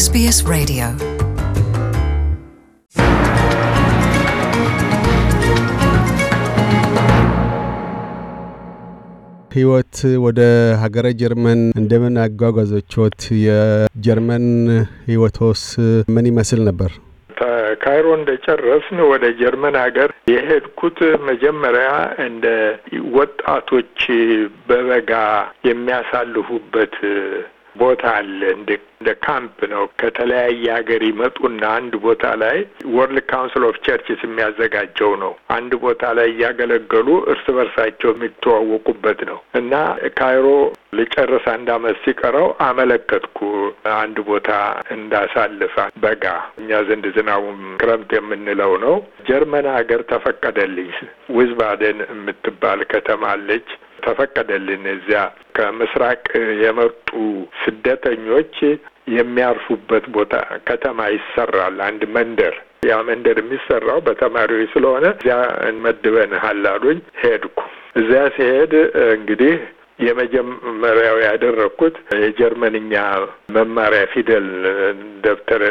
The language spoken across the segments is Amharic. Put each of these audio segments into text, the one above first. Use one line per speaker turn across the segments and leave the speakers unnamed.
ኤስቢኤስ Radio. ህይወት ወደ ሀገረ ጀርመን እንደምን አጓጓዘችዎት? የጀርመን ህይወቶስ ምን ይመስል ነበር? ካይሮ ጨረስን ወደ ጀርመን ሀገር የሄድኩት መጀመሪያ እንደ ወጣቶች በበጋ የሚያሳልፉበት ቦታ አለ እንደ ካምፕ ነው። ከተለያየ ሀገር ይመጡና አንድ ቦታ ላይ ወርልድ ካውንስል ኦፍ ቸርችስ የሚያዘጋጀው ነው። አንድ ቦታ ላይ እያገለገሉ እርስ በርሳቸው የሚተዋወቁበት ነው እና ካይሮ ልጨርስ አንድ አመት ሲቀረው አመለከትኩ አንድ ቦታ እንዳሳልፋ በጋ እኛ ዘንድ ዝናቡም ክረምት የምንለው ነው። ጀርመን ሀገር ተፈቀደልኝ። ዊዝባደን የምትባል ከተማ አለች። ተፈቀደልን። እዚያ ከምስራቅ የመጡ ስደተኞች የሚያርፉበት ቦታ ከተማ ይሰራል። አንድ መንደር ያ መንደር የሚሰራው በተማሪዎች ስለሆነ እዚያ እንመድበንሃል አሉኝ። ሄድኩ። እዚያ ሲሄድ እንግዲህ የመጀመሪያው ያደረግኩት የጀርመንኛ መማሪያ ፊደል ደብተር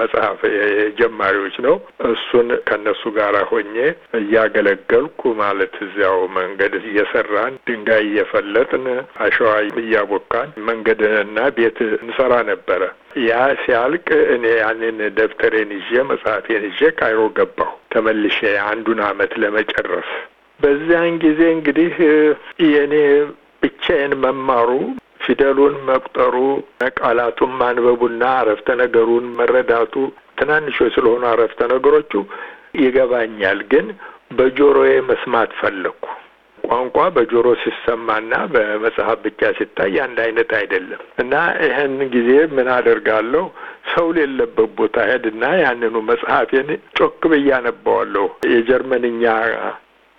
መጽሐፍ የጀማሪዎች ነው። እሱን ከነሱ ጋር ሆኜ እያገለገልኩ ማለት እዚያው መንገድ እየሰራን ድንጋይ እየፈለጥን አሸዋ እያቦካን መንገድና ቤት እንሰራ ነበረ። ያ ሲያልቅ እኔ ያንን ደብተሬን ይዤ መጽሐፌን ይዤ ካይሮ ገባሁ ተመልሼ አንዱን አመት ለመጨረስ። በዚያን ጊዜ እንግዲህ የእኔ ብቻዬን መማሩ ፊደሉን መቁጠሩ ቃላቱን ማንበቡና አረፍተ ነገሩን መረዳቱ ትናንሾች ስለሆኑ አረፍተ ነገሮቹ ይገባኛል፣ ግን በጆሮዬ መስማት ፈለግኩ። ቋንቋ በጆሮ ሲሰማና በመጽሐፍ ብቻ ሲታይ አንድ አይነት አይደለም እና ይህን ጊዜ ምን አደርጋለሁ? ሰው ሌለበት ቦታ ሄድና ያንኑ መጽሐፌን ጮክ ብዬ አነባዋለሁ የጀርመንኛ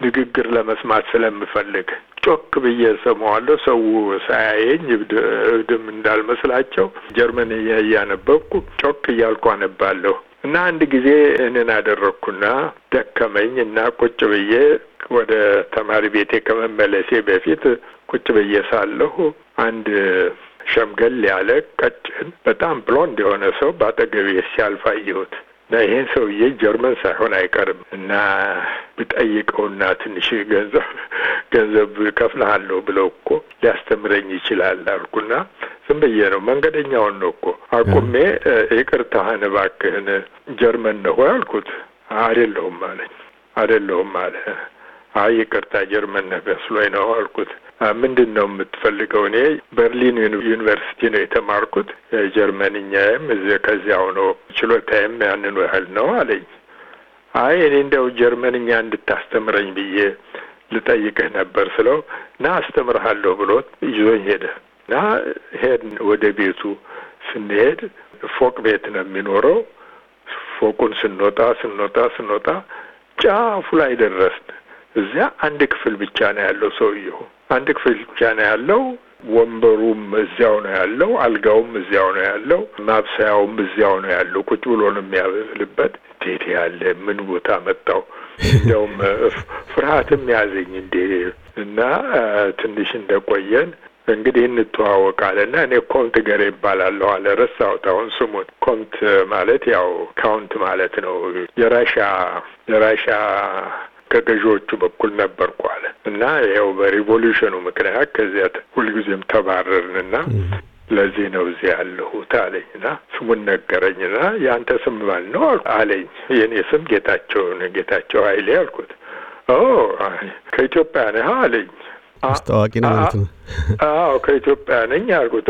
ንግግር ለመስማት ስለምፈልግ ጮክ ብዬ ሰማዋለሁ። ሰው ሳያየኝ እብድም እንዳልመስላቸው ጀርመን እያነበብኩ ጮክ እያልኩ አነባለሁ እና አንድ ጊዜ እንን አደረግኩና ደከመኝ እና ቁጭ ብዬ ወደ ተማሪ ቤቴ ከመመለሴ በፊት ቁጭ ብዬ ሳለሁ አንድ ሸምገል ያለ ቀጭን በጣም ብሎንድ የሆነ ሰው በአጠገቤ ሲያልፍ አየሁት። እና ይሄን ሰውዬ ጀርመን ሳይሆን አይቀርም እና ብጠይቀውና ትንሽ ገንዘብ ገንዘብ ከፍልሃለሁ ብለው እኮ ሊያስተምረኝ ይችላል አልኩና ዝም ብዬ ነው መንገደኛውን ነው እኮ አቁሜ ይቅርታህን እባክህን ጀርመን ነው አልኩት። አይደለሁም አለኝ። አይደለሁም አለ። አይ ይቅርታ ጀርመን ነህ መስሎኝ ነው አልኩት። ምንድን ነው የምትፈልገው? እኔ በርሊን ዩኒቨርሲቲ ነው የተማርኩት። ጀርመንኛዬም እዚያ ከዚያው ነው፣ ችሎታዬም ያንኑ ያህል ነው አለኝ። አይ እኔ እንደው ጀርመንኛ እንድታስተምረኝ ብዬ ልጠይቅህ ነበር ስለው ና አስተምርሃለሁ ብሎት ይዞኝ ሄደ እና ሄድ ወደ ቤቱ ስንሄድ ፎቅ ቤት ነው የሚኖረው። ፎቁን ስንወጣ ስንወጣ ስንወጣ ጫፉ ላይ ደረስን። እዚያ አንድ ክፍል ብቻ ነው ያለው ሰውየው አንድ ክፍል ብቻ ነው ያለው። ወንበሩም እዚያው ነው ያለው፣ አልጋውም እዚያው ነው ያለው፣ ማብሰያውም እዚያው ነው ያለው። ቁጭ ብሎ ነው የሚያበልበት። እንዴት ያለ ምን ቦታ መጣው? እንዲያውም ፍርሃትም ያዘኝ እንዴ እና ትንሽ እንደቆየን እንግዲህ እንተዋወቃለ እንተዋወቃለና እኔ ኮምት ገሬ ይባላለሁ አለ። ረሳሁት አሁን ስሙን። ኮምት ማለት ያው ካውንት ማለት ነው። የራሻ የራሻ ከገዢዎቹ በኩል ነበርኩ አለ እና ይኸው በሪቮሉሽኑ ምክንያት ከዚያ ሁልጊዜም ተባረርንና ለዚህ ነው እዚህ ያለሁት አለኝ እና ስሙን ነገረኝ እና የአንተ ስም ማን ነው አለኝ። የእኔ ስም ጌታቸው ጌታቸው ኃይሌ አልኩት። ከኢትዮጵያ ነህ አለኝ። አስታዋቂ ነው ማለት ነው። አዎ ከኢትዮጵያ ነኝ አልኩት።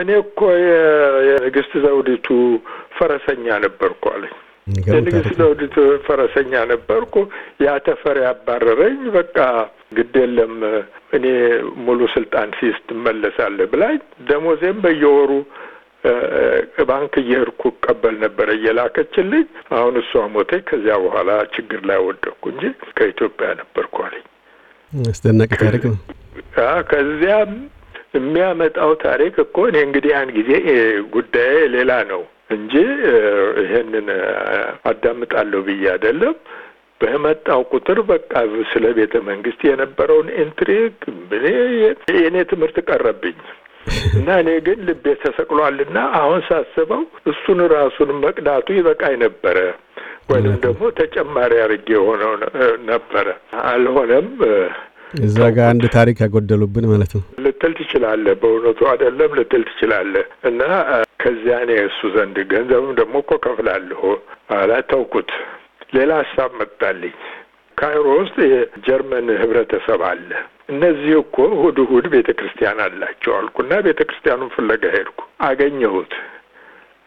እኔ እኮ የንግስት ዘውዲቱ ፈረሰኛ ነበርኩ አለኝ። የንግሥት ዘውዲቱ ፈረሰኛ ነበርኩ። ያ ተፈሪ ያባረረኝ። በቃ ግድ የለም እኔ ሙሉ ስልጣን ሲይዝ ትመለሳለህ ብላኝ፣ ደሞዜም በየወሩ ባንክ እየሄድኩ እቀበል ነበረ እየላከችልኝ። አሁን እሷ ሞተኝ። ከዚያ በኋላ ችግር ላይ ወደቅኩ እንጂ ከኢትዮጵያ ነበርኩ አለኝ። አስደናቂ ታሪክ ነው። ከዚያም የሚያመጣው ታሪክ እኮ እኔ እንግዲህ ያን ጊዜ ጉዳዬ ሌላ ነው እንጂ ይሄንን አዳምጣለሁ ብዬ አይደለም። በመጣው ቁጥር በቃ ስለ ቤተ መንግስት የነበረውን ኢንትሪግ የእኔ ትምህርት ቀረብኝ እና እኔ ግን ልቤ ተሰቅሏልና አሁን ሳስበው እሱን ራሱን መቅዳቱ ይበቃኝ ነበረ ወይም ደግሞ ተጨማሪ አድርጌ የሆነው ነበረ። አልሆነም። እዛ ጋር አንድ ታሪክ ያጎደሉብን ማለት ነው ልትል ትችላለህ። በእውነቱ አይደለም ልትል ትችላለህ። እና ከዚያ እኔ እሱ ዘንድ ገንዘብም ደግሞ እኮ ከፍላለሁ አላት። ተውኩት። ሌላ ሀሳብ መጣልኝ። ካይሮ ውስጥ የጀርመን ህብረተሰብ አለ። እነዚህ እኮ እሁድ እሁድ ቤተ ክርስቲያን አላቸው አልኩና ቤተ ክርስቲያኑን ፍለጋ ሄድኩ። አገኘሁት።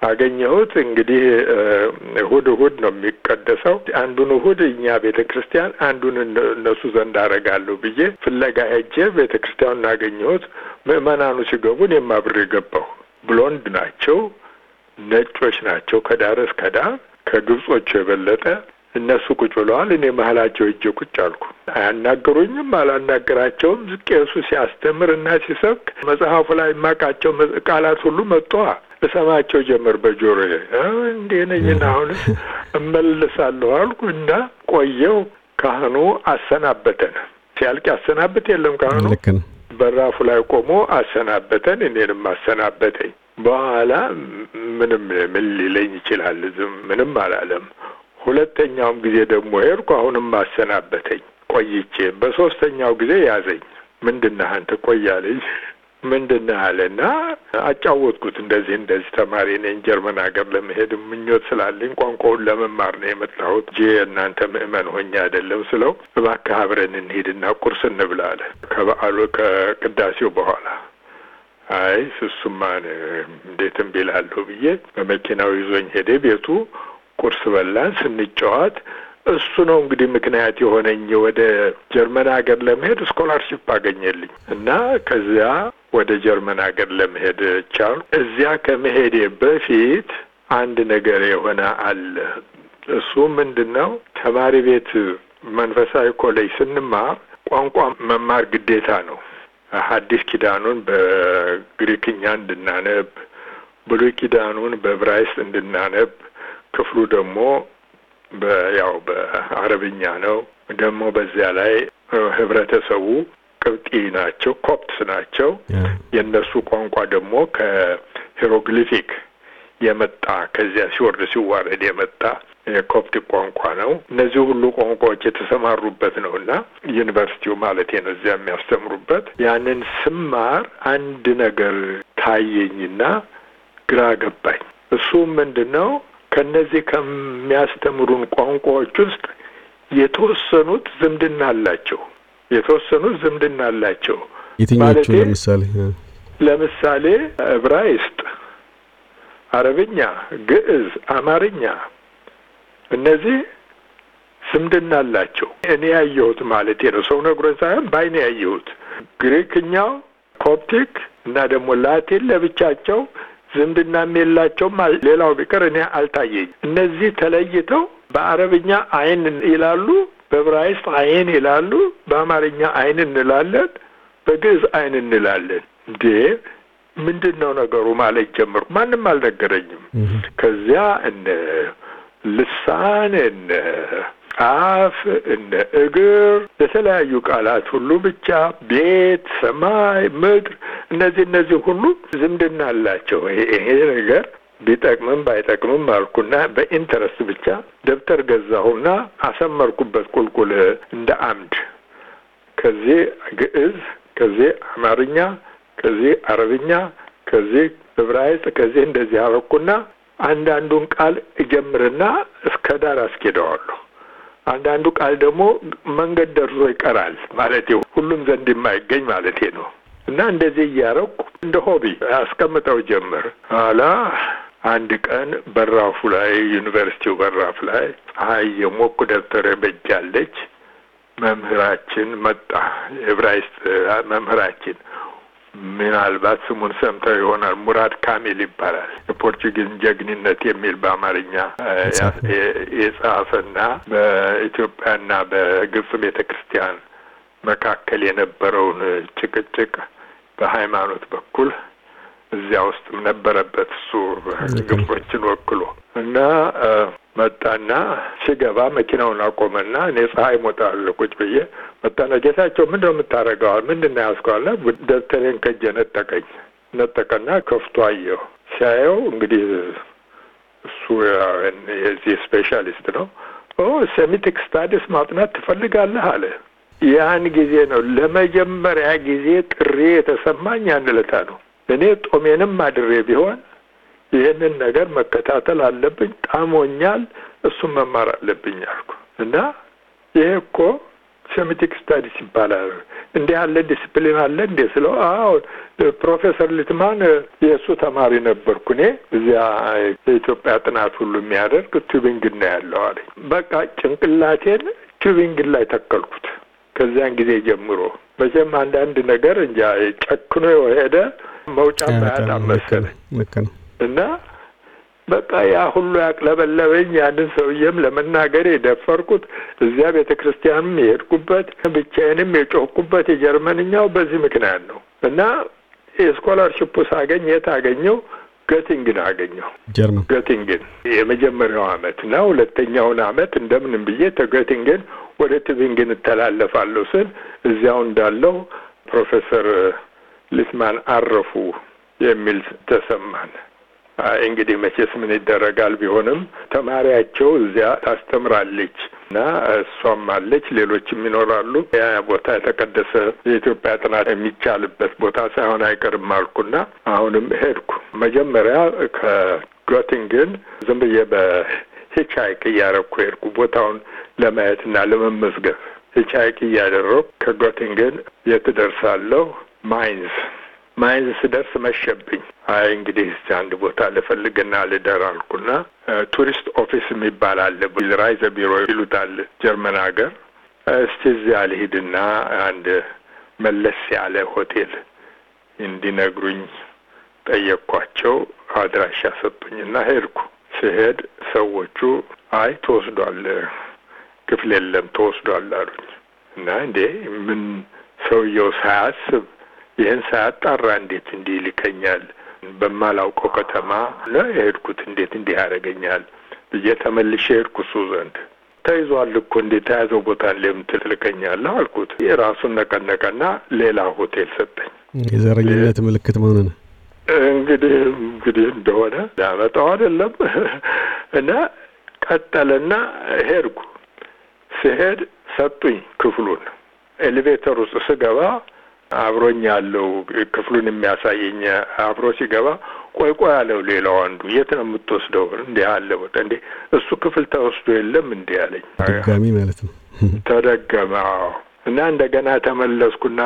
አገኘሁት። እንግዲህ እሁድ እሁድ ነው የሚቀደሰው። አንዱን እሁድ እኛ ቤተ ክርስቲያን፣ አንዱን እነሱ ዘንድ አደርጋለሁ ብዬ ፍለጋ ሄጄ ቤተ ክርስቲያኑን እናገኘሁት። ምእመናኑ ሲገቡ እኔም አብሬ ገባሁ። ብሎንድ ናቸው፣ ነጮች ናቸው፣ ከዳር እስከ ዳር ከግብጾቹ የበለጠ እነሱ ቁጭ ብለዋል። እኔ መሀላቸው እጄ ቁጭ አልኩ። አያናገሩኝም፣ አላናገራቸውም። ቄሱ ሲያስተምር እና ሲሰብክ መጽሐፉ ላይ የማውቃቸው ቃላት ሁሉ መጥተዋ እሰማቸው ጀመር በጆሮ እንዲህ ነኝና አሁን እመልሳለሁ አልኩ እና ቆየው። ካህኑ አሰናበተን። ሲያልቅ ያሰናብት የለም ካህኑ በራፉ ላይ ቆሞ አሰናበተን፣ እኔንም አሰናበተኝ። በኋላ ምንም ምን ሊለኝ ይችላል? ዝም ምንም አላለም። ሁለተኛውም ጊዜ ደግሞ ሄድኩ፣ አሁንም አሰናበተኝ። ቆይቼ በሶስተኛው ጊዜ ያዘኝ። ምንድን ነህ አንተ? ቆይ ምንድን ነው አለና አጫወትኩት። እንደዚህ እንደዚህ ተማሪ ነኝ፣ ጀርመን ሀገር ለመሄድ ምኞት ስላለኝ ቋንቋውን ለመማር ነው የመጣሁት እንጂ እናንተ ምእመን ሆኜ አይደለም ስለው እባክህ አብረን እንሂድና ቁርስ እንብላ አለ ከበዓሉ ከቅዳሴው በኋላ አይ እሱማ እንዴት እምቢ እላለሁ ብዬ በመኪናው ይዞኝ ሄደ። ቤቱ ቁርስ በላን፣ ስንጫዋት እሱ ነው እንግዲህ ምክንያት የሆነኝ ወደ ጀርመን ሀገር ለመሄድ ስኮላርሽፕ አገኘልኝ እና ከዚያ ወደ ጀርመን ሀገር ለመሄድ ቻሉ። እዚያ ከመሄዴ በፊት አንድ ነገር የሆነ አለ። እሱ ምንድን ነው? ተማሪ ቤት መንፈሳዊ ኮሌጅ ስንማር ቋንቋ መማር ግዴታ ነው። ሐዲስ ኪዳኑን በግሪክኛ እንድናነብ፣ ብሉይ ኪዳኑን በብራይስ እንድናነብ፣ ክፍሉ ደግሞ ያው በአረብኛ ነው። ደግሞ በዚያ ላይ ህብረተሰቡ ቀብጢ ናቸው፣ ኮፕትስ ናቸው። የእነሱ ቋንቋ ደግሞ ከሄሮግሊፊክ የመጣ ከዚያ ሲወርድ ሲዋረድ የመጣ የኮፕቲክ ቋንቋ ነው። እነዚህ ሁሉ ቋንቋዎች የተሰማሩበት ነው እና ዩኒቨርሲቲው ማለት ነው እዚያ የሚያስተምሩበት ያንን ስማር አንድ ነገር ታየኝና ግራ ገባኝ። እሱ ምንድን ነው? ከነዚህ ከሚያስተምሩን ቋንቋዎች ውስጥ የተወሰኑት ዝምድና አላቸው። የተወሰኑት ዝምድና አላቸው። የትኞቹ? ለምሳሌ ለምሳሌ ዕብራይስጥ፣ አረብኛ፣ ግዕዝ፣ አማርኛ እነዚህ ዝምድና አላቸው። እኔ ያየሁት ማለት ነው፣ ሰው ነግሮ ሳይሆን ባይኔ ያየሁት። ግሪክኛው፣ ኮፕቲክ እና ደግሞ ላቲን ለብቻቸው ዝምድናም የላቸውም። ሌላው ቢቀር እኔ አልታየኝ። እነዚህ ተለይተው በአረብኛ አይን ይላሉ በዕብራይስጥ አይን ይላሉ፣ በአማርኛ አይን እንላለን፣ በግዕዝ አይን እንላለን። እንዴ ምንድን ነው ነገሩ ማለት ጀመርኩ። ማንም አልነገረኝም። ከዚያ እነ ልሳን እነ አፍ እነ እግር የተለያዩ ቃላት ሁሉ ብቻ ቤት፣ ሰማይ፣ ምድር እነዚህ እነዚህ ሁሉ ዝምድና አላቸው። ይሄ ነገር ቢጠቅምም ባይጠቅምም አልኩና በኢንተረስት ብቻ ደብተር ገዛሁና አሰመርኩበት ቁልቁል እንደ አምድ ከዚህ ግዕዝ ከዚህ አማርኛ ከዚህ አረብኛ ከዚህ ዕብራይስጥ ከዚህ እንደዚህ አረኩና አንዳንዱን ቃል እጀምርና እስከ ዳር አስኬደዋለሁ። አንዳንዱ ቃል ደግሞ መንገድ ደርሶ ይቀራል ማለት ሁሉም ዘንድ የማይገኝ ማለት ነው። እና እንደዚህ እያረኩ እንደ ሆቢ አስቀምጠው ጀምር አላ አንድ ቀን በራፉ ላይ ዩኒቨርሲቲው በራፍ ላይ ፀሐይ የሞቁ ደብተር በጃለች። መምህራችን መጣ፣ የዕብራይስጥ መምህራችን ምናልባት ስሙን ሰምተው ይሆናል። ሙራድ ካሚል ይባላል። የፖርቹጊዝ ጀግንነት የሚል በአማርኛ የጻፈና በኢትዮጵያና በግብጽ ቤተ ክርስቲያን መካከል የነበረውን ጭቅጭቅ በሃይማኖት በኩል እዚያ ውስጥም ነበረበት እሱ ግንቦችን ወክሎ እና መጣና ሲገባ መኪናውን አቆመና እኔ ፀሐይ ሞጣለሁ ቁጭ ብዬ መጣና ጌታቸው ምንድ ነው የምታደርገዋል? ምንድን ነው ያዝከዋል? ደብተሬን ከጀ ነጠቀኝ። ነጠቀና ከፍቶ አየው ሲያየው እንግዲህ እሱ የዚህ ስፔሻሊስት ነው። ኦ ሴሚቲክ ስታዲስ ማጥናት ትፈልጋለህ አለ። ያን ጊዜ ነው ለመጀመሪያ ጊዜ ጥሪ የተሰማኝ ያን ዕለት ነው። እኔ ጦሜንም አድሬ ቢሆን ይህንን ነገር መከታተል አለብኝ። ጣሞኛል፣ እሱን መማር አለብኝ አልኩ እና ይሄ እኮ ሴሚቲክ ስታዲስ ይባላል። እንዲህ አለ ዲስፕሊን አለ እንዴ ስለው፣ አዎ ፕሮፌሰር ሊትማን የእሱ ተማሪ ነበርኩ እኔ እዚያ የኢትዮጵያ ጥናት ሁሉ የሚያደርግ ቱቢንግ ነው ያለው አለኝ። በቃ ጭንቅላቴን ቱቢንግ ላይ ተከልኩት። ከዚያን ጊዜ ጀምሮ መቼም አንዳንድ ነገር እንጃ ጨክኖ የሄደ መውጫ ባያጣም መሰለኝ እና በቃ ያ ሁሉ ያቅለበለበኝ ያንን ሰውዬም ለመናገር የደፈርኩት እዚያ ቤተ ክርስቲያንም የሄድኩበት ብቻዬንም የጮኩበት የጀርመንኛው በዚህ ምክንያት ነው እና የስኮላርሽፑ ሳገኝ የት አገኘው? ገቲንግን አገኘው። ጀርመን ገቲንግን የመጀመሪያው አመት እና ሁለተኛውን አመት እንደምንም ብዬ ተገቲንግን ወደ ትቢንግን እተላለፋለሁ ስል እዚያው እንዳለው ፕሮፌሰር ልስማን አረፉ የሚል ተሰማን። እንግዲህ መቼስ ምን ይደረጋል። ቢሆንም ተማሪያቸው እዚያ ታስተምራለች እና እሷም አለች፣ ሌሎችም ይኖራሉ። ያ ቦታ የተቀደሰ የኢትዮጵያ ጥናት የሚቻልበት ቦታ ሳይሆን አይቀርም አልኩና አሁንም ሄድኩ። መጀመሪያ ከጎቲንግን ዝም ብዬ በሂቻይክ እያረኩ ሄድኩ ቦታውን ለማየትና ለመመዝገብ ሂቻይክ እያደረግኩ ከጎቲንግን የት ደርሳለሁ ማይንዝ ማይንዝ ስደርስ መሸብኝ። አይ እንግዲህ እስቲ አንድ ቦታ ልፈልግና ልደር አልኩና ቱሪስት ኦፊስ የሚባል አለ፣ ራይዘ ቢሮ ይሉታል ጀርመን ሀገር። እስቲ እዚያ ልሂድና አንድ መለስ ያለ ሆቴል እንዲነግሩኝ ጠየቅኳቸው። አድራሻ ሰጡኝና ሄድኩ። ስሄድ ሰዎቹ አይ ተወስዷል፣ ክፍል የለም ተወስዷል አሉኝ እና እንዴ ምን ሰውየው ሳያስብ ይህን ሳያጣራ እንዴት እንዲህ ይልከኛል? በማላውቀው ከተማ ነው የሄድኩት። እንዴት እንዲህ ያደረገኛል ብዬ ተመልሼ ሄድኩ እሱ ዘንድ ተይዟል እኮ እንዴ ተያዘው ቦታ ለምን አልኩት። የራሱን ነቀነቀና ሌላ ሆቴል ሰጠኝ። የዘረኝነት ምልክት መሆኑ ነው እንግዲህ እንግዲህ እንደሆነ ዳመጣው አይደለም እና ቀጠለና ሄድኩ። ስሄድ ሰጡኝ ክፍሉን ኤሌቬተር ውስጥ ስገባ አብሮኝ ያለው ክፍሉን የሚያሳየኝ አብሮ ሲገባ ቆይ ቆይ አለው ሌላው አንዱ የት ነው የምትወስደው? እንዲህ አለ ቦታ እንዴ እሱ ክፍል ተወስዶ የለም እንዲህ አለኝ። ተደጋሚ ማለት ነው። ተደገመ እና እንደገና ተመለስኩና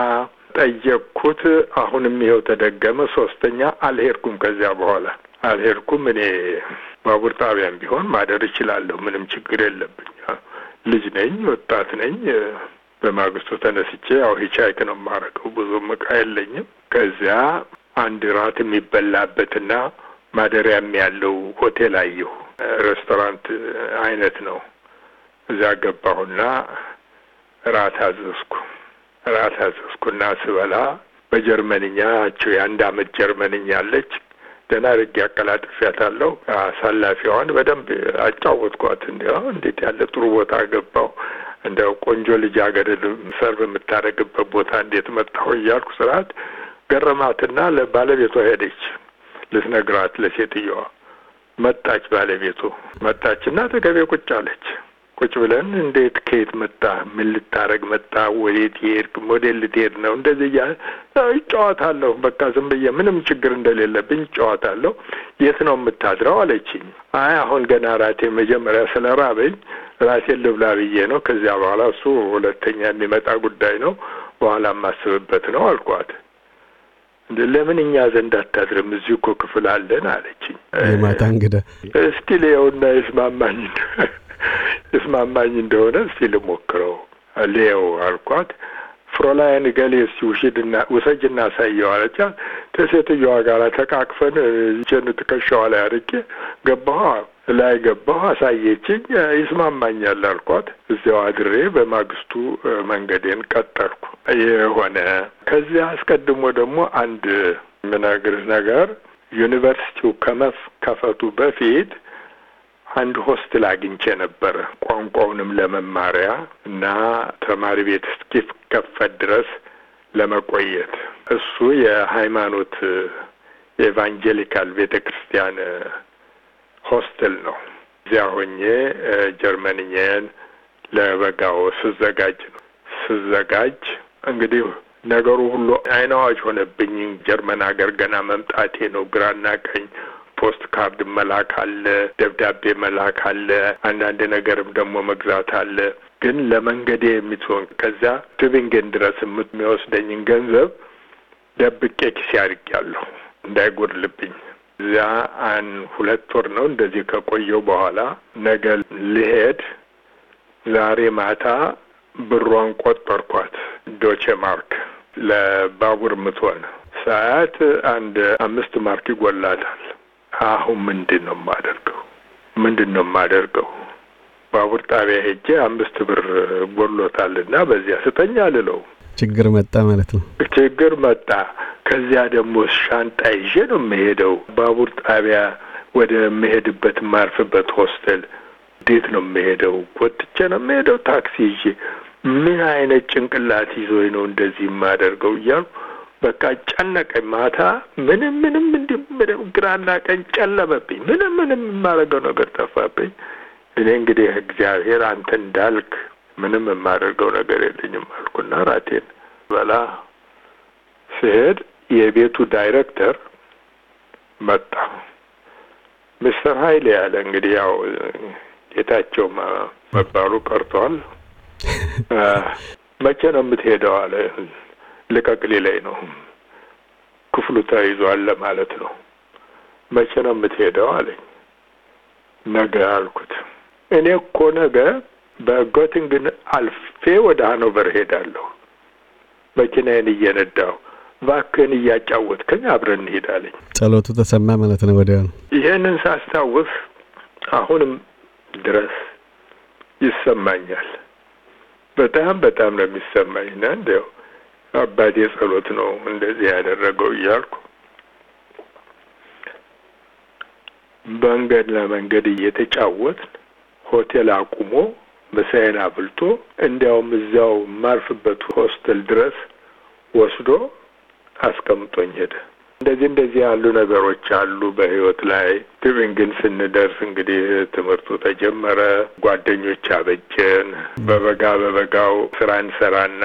ጠየቅኩት። አሁንም ይኸው ተደገመ። ሶስተኛ አልሄድኩም። ከዚያ በኋላ አልሄድኩም። እኔ ባቡር ጣቢያም ቢሆን ማደር እችላለሁ። ምንም ችግር የለብኝ። ልጅ ነኝ፣ ወጣት ነኝ። በማግስቱ ተነስቼ ያው ሂቻይክ ነው የማረገው። ብዙም እቃ የለኝም። ከዚያ አንድ ራት የሚበላበትና ማደሪያም ያለው ሆቴል አየሁ። ሬስቶራንት አይነት ነው። እዚያ ገባሁና ራት አዘዝኩ። ራት አዘዝኩና ስበላ በጀርመንኛ ያችው የአንድ አመት ጀርመንኛ አለች። ደህና አድርጌ አቀላጥፊያታለሁ። አሳላፊዋን በደንብ አጫወትኳት። እንዲ እንዴት ያለ ጥሩ ቦታ ገባሁ እንደው ቆንጆ ልጃገረድ ሰርብ የምታደርግበት ቦታ እንዴት መጣሁ እያልኩ ስርዓት ገረማትና ለባለቤቷ ሄደች ልትነግራት ለሴትየዋ መጣች። ባለቤቱ መጣችና ተገቤ ቁጭ አለች። ቁጭ ብለን እንዴት ከየት መጣ፣ ምን ልታረግ መጣ፣ ወዴት የሄድክ፣ ወዴት ልትሄድ ነው? እንደዚህ እያለ እጨዋታለሁ። በቃ ዝም ብዬ ምንም ችግር እንደሌለብኝ እጨዋታለሁ። የት ነው የምታድረው አለችኝ። አይ አሁን ገና ራቴ መጀመሪያ ስለ ራበኝ ራሴን ልብላ ብዬ ነው። ከዚያ በኋላ እሱ ሁለተኛ የሚመጣ ጉዳይ ነው፣ በኋላ የማስብበት ነው አልኳት። ለምን እኛ ዘንድ አታድርም? እዚህ እኮ ክፍል አለን አለችኝ። ማታ እንግዳ እስቲ ሊየውና የስማማኝ እስማማኝ እንደሆነ እስቲ ልሞክረው ሌው አልኳት። ፍሮላይን ገሌ እስቲ ውሽድና ውሰጅና ሳየው አለቻት። ከሴትዮዋ ጋር ተቃቅፈን እጄን ትከሻዋ ላይ አድርጌ ገባኋ ላይ ገባሁ። አሳየችኝ። ይስማማኛል አልኳት። እዚያው አድሬ በማግስቱ መንገዴን ቀጠልኩ። የሆነ ከዚያ አስቀድሞ ደግሞ አንድ ምነግርህ ነገር ዩኒቨርሲቲው ከመፍ ከፈቱ በፊት አንድ ሆስትል አግኝቼ ነበረ። ቋንቋውንም ለመማሪያ እና ተማሪ ቤት እስኪከፈት ድረስ ለመቆየት እሱ የሃይማኖት ኤቫንጀሊካል ቤተ ክርስቲያን ሆስትል ነው። እዚያ ሆኜ ጀርመንኛን ለበጋው ስዘጋጅ ነው ስዘጋጅ እንግዲህ ነገሩ ሁሉ አይናዋጅ ሆነብኝ። ጀርመን ሀገር ገና መምጣቴ ነው። ግራና ቀኝ ፖስት ካርድ መላክ አለ፣ ደብዳቤ መላክ አለ፣ አንዳንድ ነገርም ደግሞ መግዛት አለ። ግን ለመንገዴ የሚትሆን ከዛ ትብንጌን ድረስ የሚወስደኝን ገንዘብ ደብቄ ኪሴ አድርጌያለሁ እንዳይጎድልብኝ። እዚያ አን ሁለት ወር ነው እንደዚህ ከቆየው በኋላ ነገ ልሄድ ዛሬ ማታ ብሯን ቆጠርኳት። ዶቼ ማርክ ለባቡር ምትሆን ሰዓት አንድ አምስት ማርክ ይጎላታል። አሁን ምንድን ነው የማደርገው? ምንድን ነው የማደርገው? ባቡር ጣቢያ ሄጄ አምስት ብር ጎሎታልና በዚያ ስጠኝ አልለው። ችግር መጣ ማለት ነው። ችግር መጣ። ከዚያ ደግሞ ሻንጣ ይዤ ነው የምሄደው። ባቡር ጣቢያ ወደ የምሄድበት ማርፍበት ሆስተል እንዴት ነው የምሄደው? ጎትቼ ነው የምሄደው ታክሲ ይዤ። ምን አይነት ጭንቅላት ይዞኝ ነው እንደዚህ የማደርገው እያልኩ በቃ ጨነቀኝ። ማታ ምንም ምንም እንዲ ምንም ግራና ቀኝ ጨለመብኝ። ምንም ምንም የማደርገው ነገር ጠፋብኝ። እኔ እንግዲህ እግዚአብሔር አንተ እንዳልክ ምንም የማደርገው ነገር የለኝም አልኩና ራቴን በላ ስሄድ የቤቱ ዳይሬክተር መጣ። ምስተር ሀይሌ ያለ እንግዲህ ያው ጌታቸው መባሉ ቀርቷል። መቼ ነው የምትሄደው አለ ልቀቅሌ ላይ ነው ክፍሉ ተይዟል ለማለት ነው። መቼ ነው የምትሄደው አለኝ። ነገ አልኩት። እኔ እኮ ነገ በጎቲንግን አልፌ ወደ ሀኖቨር ሄዳለሁ። መኪናዬን እየነዳሁ እባክህን እያጫወትከኝ አብረን እንሄዳለኝ። ጸሎቱ ተሰማ ማለት ነው ወዲያውኑ። ይህንን ሳስታውስ አሁንም ድረስ ይሰማኛል። በጣም በጣም ነው የሚሰማኝ ና እንዲያው አባቴ ጸሎት ነው እንደዚህ ያደረገው እያልኩ መንገድ ለመንገድ እየተጫወትን ሆቴል አቁሞ ምሳዬን አብልቶ እንዲያውም እዚያው ማርፍበት ሆስቴል ድረስ ወስዶ አስቀምጦኝ ሄደ። እንደዚህ እንደዚህ ያሉ ነገሮች አሉ በህይወት ላይ ትብንግን ስንደርስ እንግዲህ ትምህርቱ ተጀመረ። ጓደኞች አበጀን። በበጋ በበጋው ስራ እንሰራና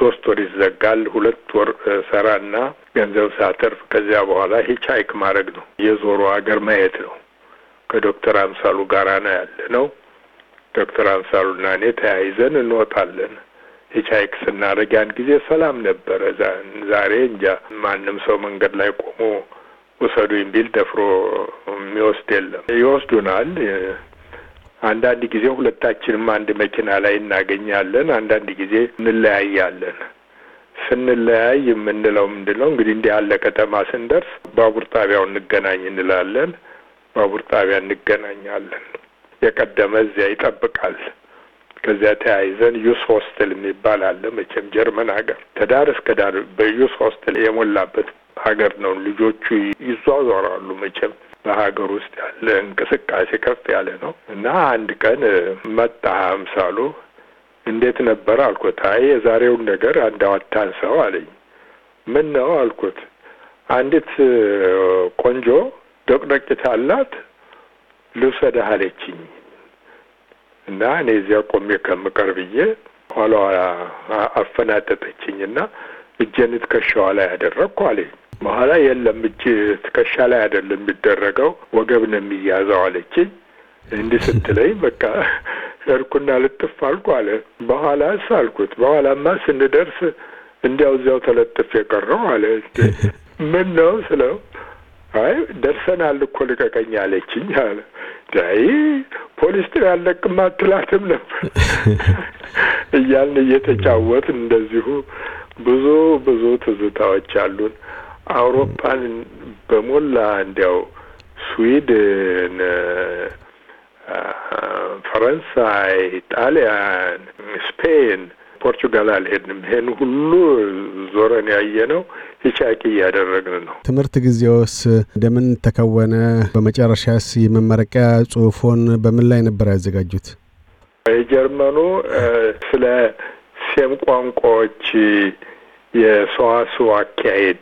ሶስት ወር ይዘጋል። ሁለት ወር ሰራና ገንዘብ ሳተርፍ ከዚያ በኋላ ሂቻይክ ማድረግ ነው። የዞሮ ሀገር ማየት ነው። ከዶክተር አምሳሉ ጋር ነው ያለ ነው። ዶክተር አምሳሉና እኔ ተያይዘን እንወጣለን። ሂቻይክ ስናደርግ ያን ጊዜ ሰላም ነበረ። ዛሬ እንጃ ማንም ሰው መንገድ ላይ ቆሞ ውሰዱኝ ቢል ደፍሮ የሚወስድ የለም። ይወስዱናል። አንዳንድ ጊዜ ሁለታችንም አንድ መኪና ላይ እናገኛለን፣ አንዳንድ ጊዜ እንለያያለን። ስንለያይ የምንለው ምንድን ነው? እንግዲህ እንዲህ ያለ ከተማ ስንደርስ ባቡር ጣቢያው እንገናኝ እንላለን። ባቡር ጣቢያ እንገናኛለን። የቀደመ እዚያ ይጠብቃል። ከዚያ ተያይዘን ዩስ ሆስትል የሚባል አለ። መቼም ጀርመን ሀገር ከዳር እስከ ዳር በዩስ ሆስትል የሞላበት ሀገር ነው። ልጆቹ ይዟዟራሉ መቼም በሀገር ውስጥ ያለ እንቅስቃሴ ከፍ ያለ ነው እና አንድ ቀን መጣ አምሳሉ። እንዴት ነበር አልኩት። አይ የዛሬውን ነገር አንዳው ሰው አለኝ። ምን ነው አልኩት። አንዲት ቆንጆ ዶቅዶቂት አላት ልውሰድህ አለችኝ እና እኔ እዚያ ቆሜ ከምቀርብዬ ብዬ ኋላዋ አፈናጠጠችኝ እጄን ትከሻዋ ላይ ያደረግኩ አለኝ። በኋላ የለም እጅ ትከሻ ላይ አይደለም የሚደረገው ወገብ ነው የሚያዘው አለችኝ። እንዲህ ስትለኝ በቃ ሰርኩና ልጥፍ አልኩ አለ። በኋላስ አልኩት። በኋላማ ስንደርስ እንዲያው እዚያው ተለጥፍ የቀረው አለ። ምን ነው ስለው አይ ደርሰናል እኮ ልቀቀኝ አለችኝ አለ። ይ ፖሊስ ጥር አለቅም አትላትም ነበር እያልን እየተጫወት እንደዚሁ ብዙ ብዙ ትዝታዎች አሉን። አውሮፓን በሞላ እንዲያው ስዊድን፣ ፈረንሳይ፣ ጣሊያን፣ ስፔን፣ ፖርቹጋል አልሄድንም። ይሄን ሁሉ ዞረን ያየ ነው። ሂቻቂ እያደረግን ነው። ትምህርት ጊዜውስ እንደምን ተከወነ? በመጨረሻስ የመመረቂያ ጽሁፎን በምን ላይ ነበር ያዘጋጁት? የጀርመኑ ስለ ሴም ቋንቋዎች የሰዋስው አካሄድ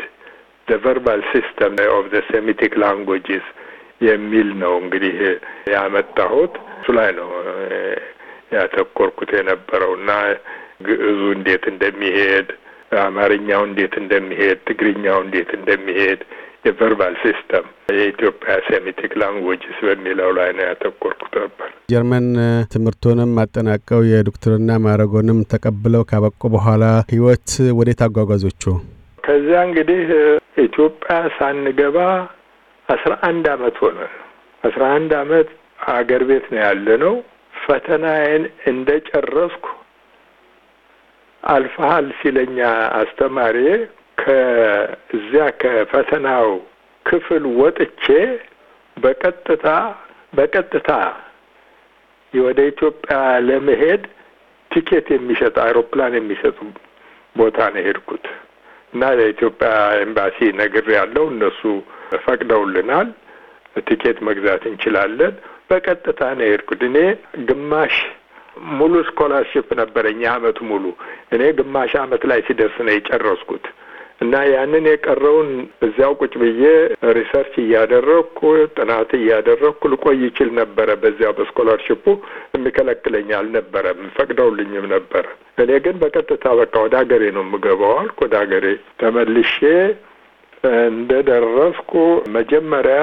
the verbal ሲስተም of the Semitic languages የሚል ነው እንግዲህ ያመጣሁት። እሱ ላይ ነው ያተኮርኩት የነበረው እና ግዕዙ እንዴት እንደሚሄድ፣ አማርኛው እንዴት እንደሚሄድ፣ ትግርኛው እንዴት እንደሚሄድ የቨርባል ሲስተም የኢትዮጵያ ሴሚቲክ ላንጉጅስ በሚለው ላይ ነው ያተኮርኩት ነበር። ጀርመን ትምህርቱንም አጠናቀው የዶክትርና ማዕረጎንም ተቀብለው ካበቁ በኋላ ህይወት ወዴት አጓጓዞቹ? ከዚያ እንግዲህ ኢትዮጵያ ሳንገባ አስራ አንድ አመት ሆነን አስራ አንድ አመት አገር ቤት ነው ያለ ነው። ፈተናዬን እንደ ጨረስኩ አልፈሃል ሲለኛ አስተማሪ ከዚያ ከፈተናው ክፍል ወጥቼ በቀጥታ በቀጥታ ወደ ኢትዮጵያ ለመሄድ ቲኬት የሚሸጥ አውሮፕላን የሚሰጡ ቦታ ነው የሄድኩት። እና ለኢትዮጵያ ኤምባሲ ነግር ያለው እነሱ ፈቅደውልናል። ቲኬት መግዛት እንችላለን። በቀጥታ ነው የሄድኩት። እኔ ግማሽ ሙሉ ስኮላርሽፕ ነበረኝ የአመት ሙሉ። እኔ ግማሽ አመት ላይ ሲደርስ ነው የጨረስኩት። እና ያንን የቀረውን እዚያው ቁጭ ብዬ ሪሰርች እያደረግኩ ጥናት እያደረግኩ ልቆይ ይችል ነበረ። በዚያው በስኮላርሽፑ የሚከለክለኝ አልነበረም፣ ፈቅደውልኝም ነበረ። እኔ ግን በቀጥታ በቃ ወደ ሀገሬ ነው የምገባው አልኩ። ወደ ሀገሬ ተመልሼ እንደ ደረስኩ መጀመሪያ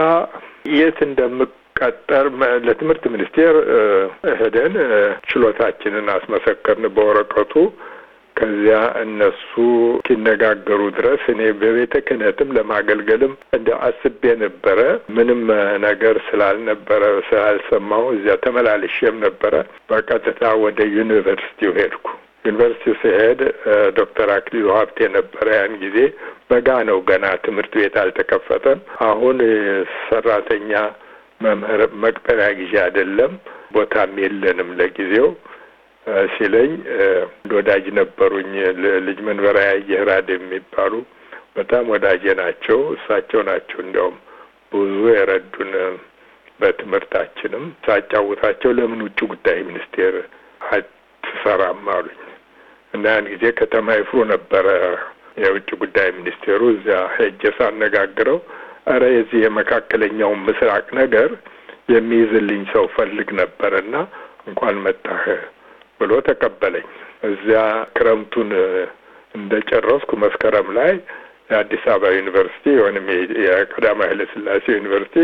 የት እንደምት ቀጠር ለትምህርት ሚኒስቴር እህደን ችሎታችንን አስመሰከርን በወረቀቱ። ከዚያ እነሱ እስኪነጋገሩ ድረስ እኔ በቤተ ክህነትም ለማገልገልም እንደ አስቤ ነበረ። ምንም ነገር ስላልነበረ ስላልሰማው እዚያ ተመላልሼም ነበረ። በቀጥታ ወደ ዩኒቨርሲቲው ሄድኩ። ዩኒቨርሲቲው ሲሄድ ዶክተር አክሊሉ ሀብቴ ነበረ። ያን ጊዜ በጋ ነው፣ ገና ትምህርት ቤት አልተከፈተም። አሁን ሰራተኛ መምህር መቅጠሪያ ጊዜ አይደለም፣ ቦታም የለንም ለጊዜው ሲለኝ ወዳጅ ነበሩኝ ልጅ መንበራ የህራድ የሚባሉ በጣም ወዳጄ ናቸው። እሳቸው ናቸው እንዲያውም ብዙ የረዱን በትምህርታችንም። ሳጫውታቸው ለምን ውጭ ጉዳይ ሚኒስቴር አትሰራም አሉኝ እና ያን ጊዜ ከተማ ይፍሩ ነበረ የውጭ ጉዳይ ሚኒስቴሩ። እዚያ ሄጄ ሳነጋግረው ኧረ የዚህ የመካከለኛውን ምስራቅ ነገር የሚይዝልኝ ሰው ፈልግ ነበርና እንኳን መጣህ ብሎ ተቀበለኝ። እዚያ ክረምቱን እንደጨረስኩ መስከረም ላይ የአዲስ አበባ ዩኒቨርሲቲ ወይም የቀዳማዊ ኃይለ ሥላሴ ዩኒቨርሲቲ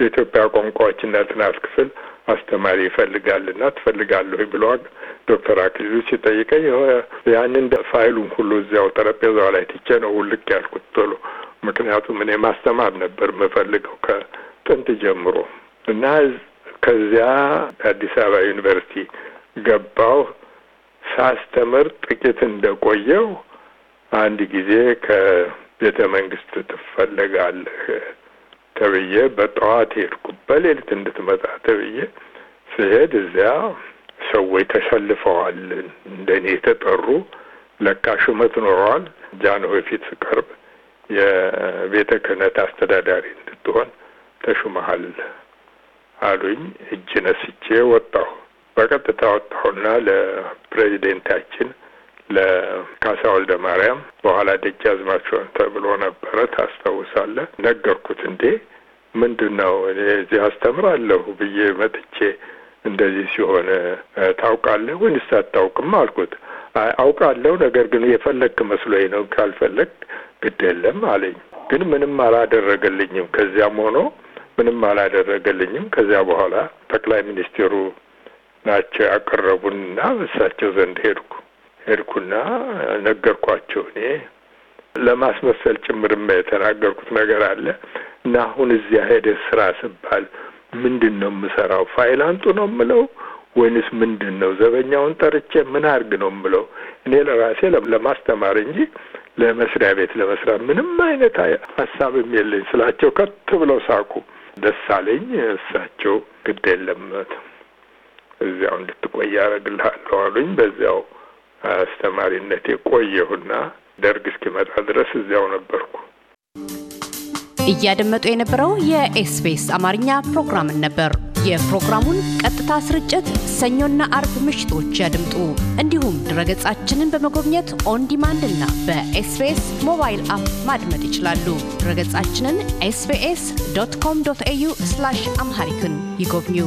የኢትዮጵያ ቋንቋዎችና ጥናት ክፍል አስተማሪ ይፈልጋልና ትፈልጋለሁ ብሎ ዶክተር አክሊሉ ሲጠይቀኝ ያንን ፋይሉን ሁሉ እዚያው ጠረጴዛው ላይ ትቼ ነው ውልቅ ያልኩት ቶሎ። ምክንያቱም እኔ ማስተማር ነበር የምፈልገው ከጥንት ጀምሮ እና ከዚያ አዲስ አበባ ዩኒቨርሲቲ ገባሁ። ሳስተምር ጥቂት እንደቆየው አንድ ጊዜ ከቤተ መንግስት ትፈለጋለህ ተብዬ በጠዋት ሄድኩ። በሌሊት እንድትመጣ ተብዬ ስሄድ እዚያ ሰዎች ተሰልፈዋል። እንደ እኔ የተጠሩ ለካ ሹመት ኖረዋል። ጃንሆይ ፊት ስቀርብ የቤተ ክህነት አስተዳዳሪ እንድትሆን ተሹመሃል አሉኝ። እጅ ነስቼ ወጣሁ። በቀጥታ ወጣሁና ለፕሬዚደንታችን ለካሳ ወልደ ማርያም በኋላ ደጃዝማች ሆን ተብሎ ነበረ። ታስታውሳለህ? ነገርኩት። እንዴ ምንድን ነው እኔ እዚህ አስተምራለሁ ብዬ መጥቼ እንደዚህ ሲሆን ታውቃለህ ወይንስ አታውቅም አልኩት። አውቃለሁ፣ ነገር ግን የፈለግክ መስሎኝ ነው። ካልፈለግ ግድ የለም አለኝ። ግን ምንም አላደረገልኝም። ከዚያም ሆኖ ምንም አላደረገልኝም። ከዚያ በኋላ ጠቅላይ ሚኒስትሩ ናቸው ያቀረቡንና እሳቸው ዘንድ ሄድኩ። ሄድኩና ነገርኳቸው። እኔ ለማስመሰል ጭምርማ የተናገርኩት ነገር አለ እና አሁን እዚያ ሄደ ስራ ስባል ምንድን ነው የምሰራው? ፋይላንጡ ነው የምለው ወይንስ ምንድን ነው? ዘበኛውን ጠርቼ ምን አርግ ነው የምለው? እኔ ለራሴ ለማስተማር እንጂ ለመስሪያ ቤት ለመስራት ምንም አይነት ሀሳብም የለኝ ስላቸው ከት ብለው ሳቁ። ደስ አለኝ። እሳቸው ግድ የለም እዚያው እንድትቆይ ያደርግልሃለሁ አሉኝ። በዚያው አስተማሪነቴ ቆየሁና ደርግ እስኪመጣ ድረስ እዚያው ነበርኩ። እያደመጡ የነበረው የኤስቢኤስ አማርኛ ፕሮግራምን ነበር። የፕሮግራሙን ቀጥታ ስርጭት ሰኞና አርብ ምሽቶች ያድምጡ። እንዲሁም ድረገጻችንን በመጎብኘት ኦን ዲማንድ እና በኤስቢኤስ ሞባይል አፕ ማድመጥ ይችላሉ። ድረገጻችንን ኤስቢኤስ ዶት ኮም ዶት ኤዩ አምሃሪክን ይጎብኙ።